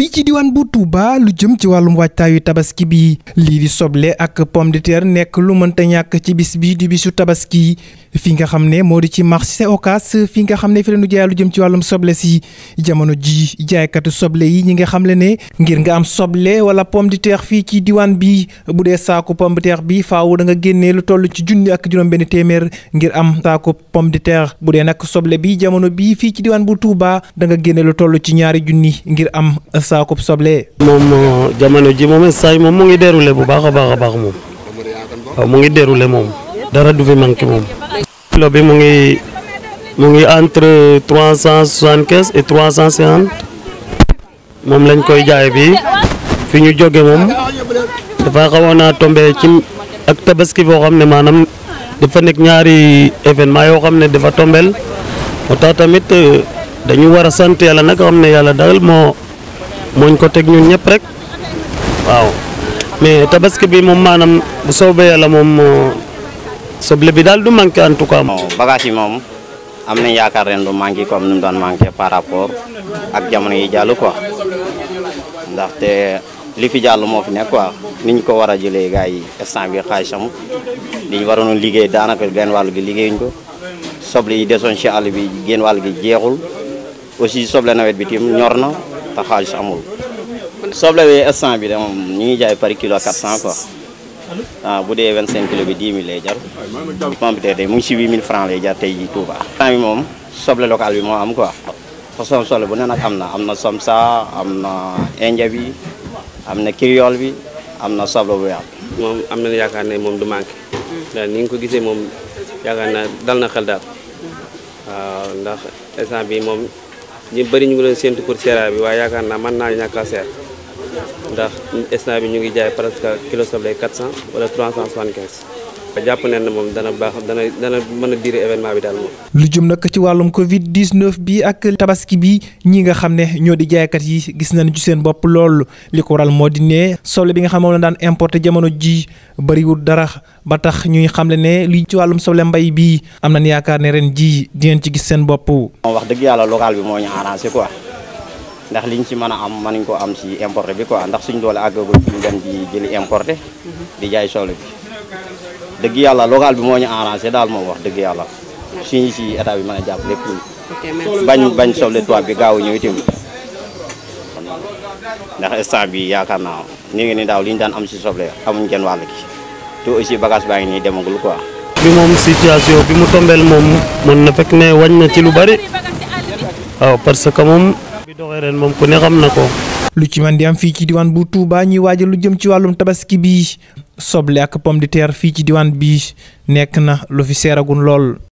fii ci diwaan bu Touba lu jëm ci wàllu waajtaayu tabaski bi lii di soble ak pomme de terre nekk lu mënta ñàkk ci bis bii di bisu tabaski yi fi nga xam ne moo di ci marché Ocass fi nga xam ne fi la ñu jëm ci wàllum soble si jamono ji jaaykatu soble yi ñi nga xam le ne ngir nga am soble wala pomme de terre fii ci diwaan bi bu dee saako pomme de terre faaw da nga lu toll ci junni ak téeméer ngir am saako pomme bu dee nag soble bi jamono bi fii ci diwaan bu Touba danga nga génnee lu toll ci ñaari junni ngir am saako soble. moom jamono ji moom saay moom mu ngi derule bu baax a baax a baax moom mu ngi déroulé moom. dara du fi manqué moom. kilo bi mu ngi mu ngi entre trois cent soixante quinze et trois cent cinquante moom lañ koy jaay fii fi ñu joge moom dafa xawoon a tombé ci ak tabaski boo xam ne maanaam dafa nekk ñaari événement yoo xam ne dafa tombel moo tax tamit euh, dañu war a sant yàlla nag xam ne yàlla daal moo mooñ ko teg ñun ñëpp rek waaw mais tabaski bi moom maanaam soobee yàlla moom soble bi daal du manqué en tout cas. bagage yi moom am nañ yaakaar ren du manqué comme ni mu doon manqué par rapport ak jamono yi jàll ko ndaxte li fi jàll moo fi nekk quoi ni ko war a jëlee gars yi instant bi xaalis amul li ñu waroon liggéey daanaka genn wàll gi liggéeyuñ ko soble yi desoon ci àll bi genn wàll gi jeexul aussi soble nawet bi tim ñor na te xaalis amul. soble bi instant bi de moom ñu ngi jaay par kilo 400 quoi. waaw ah, bu dee 25 kilos bi 10 000 lay jar. pomme de terre tey mu ngi si 8000 francs lay jar tey jii Touba. temps bi moom soble local bi moo am quoi. façon soble bu ne nag am na am na somsa am na india bi am na kiriol bi am na soble bu weex. moom am nañu yaakaar ne moom du manqué. ni nga ko gisee moom yaakaar naa dal na xel daal. waaw ndax instant bi moom ñu bëri ñu ngi doon séntu pour seeraay bi waaye yaakaar naa mën naa ñàkk a seer. ndax instant bi ñu ngi jaay presque kilo soble 400 wala 375. jàpp ne na moom dana baax dana dana mën a diir événement bi daal lu jëm nag ci wàllum Covid 19 bi ak tabaski bi ñi nga xam ne ñoo di jaaykat yi gis nañu ci seen bopp lool li ko waral moo di ne soble bi nga xam moom la daan importé jamono ji bariwul dara ba tax ñuy xam ne ne li ci wàllum soble mbay bi am na yaakaar ne ren ji dinañ ci gis seen bopp. moom wax dëgg yàlla local bi moo ñu arrangé quoi. ndax liñ ci mën a am mën nañ ko am ci importé bi quoi ndax suñ doole àggagul fi ñu dëgg yàlla local bi moo ñu arrangé daal moom wax dëgg yàlla suñu ci état bi mën a jàpp lépp bañ bañ soble toit bi gaaw ñëw itam ndax instant bi yaakaar naa ni ngi ni daaw li ñu daan am ci soble amuñ gen wàll gi te aussi bagage baa ngi nii demagul quoi bi parce que moom bi doxee moom ku ne xam na ko. lu ci man di am fii ci diwaan bu Touba ñuy waajal lu jëm ci wàllum tabaski bii soble ak pomme de terre fii ci diwaan bii nekk na lu fi seeragun lool.